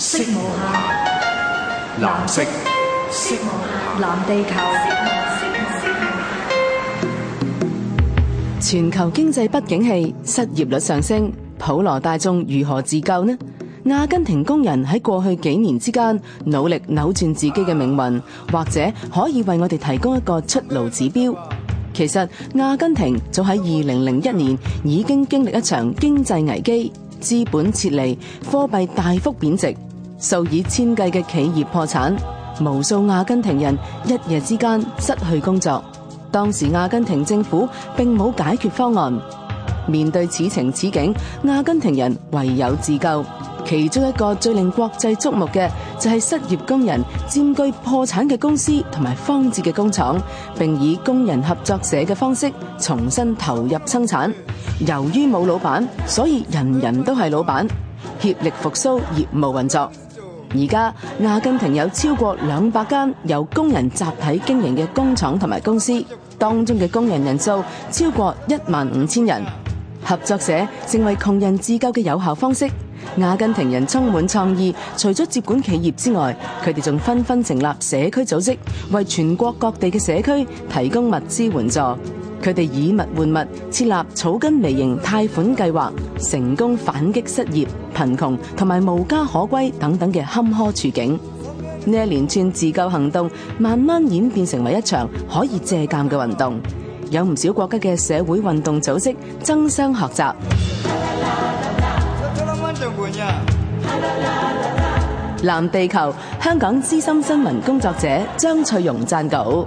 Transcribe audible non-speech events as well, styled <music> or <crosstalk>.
色無暇，藍色，色藍地球，全球經濟不景氣，失業率上升，普羅大眾如何自救呢？阿根廷工人喺過去幾年之間努力扭轉自己嘅命運，或者可以為我哋提供一個出路指標。其實，阿根廷早喺二零零一年已經經歷一場經濟危機，資本撤離，貨幣大幅貶值。數以千計嘅企業破產，無數阿根廷人一夜之間失去工作。當時阿根廷政府並冇解決方案，面對此情此景，阿根廷人唯有自救。其中一個最令國際矚目嘅就係、是、失業工人佔據破產嘅公司同埋荒置嘅工廠，並以工人合作社嘅方式重新投入生產。由於冇老闆，所以人人都係老闆，協力復甦業務運作。而家阿根廷有超過兩百間由工人集體經營嘅工廠同埋公司，當中嘅工人人數超過一萬五千人。合作社成為窮人自救嘅有效方式。阿根廷人充滿創意，除咗接管企業之外，佢哋仲紛紛成立社區組織，為全國各地嘅社區提供物資援助。佢哋以物換物，設立草根微型貸款計劃，成功反擊失業、貧窮同埋無家可歸等等嘅坎坷處境。呢 Okay. 一連串自救行動，慢慢演變成為一場可以借鑒嘅運動。有唔少國家嘅社會運動組織爭相學習。藍 <music> 地球，香港資深新聞工作者張翠蓉撰稿。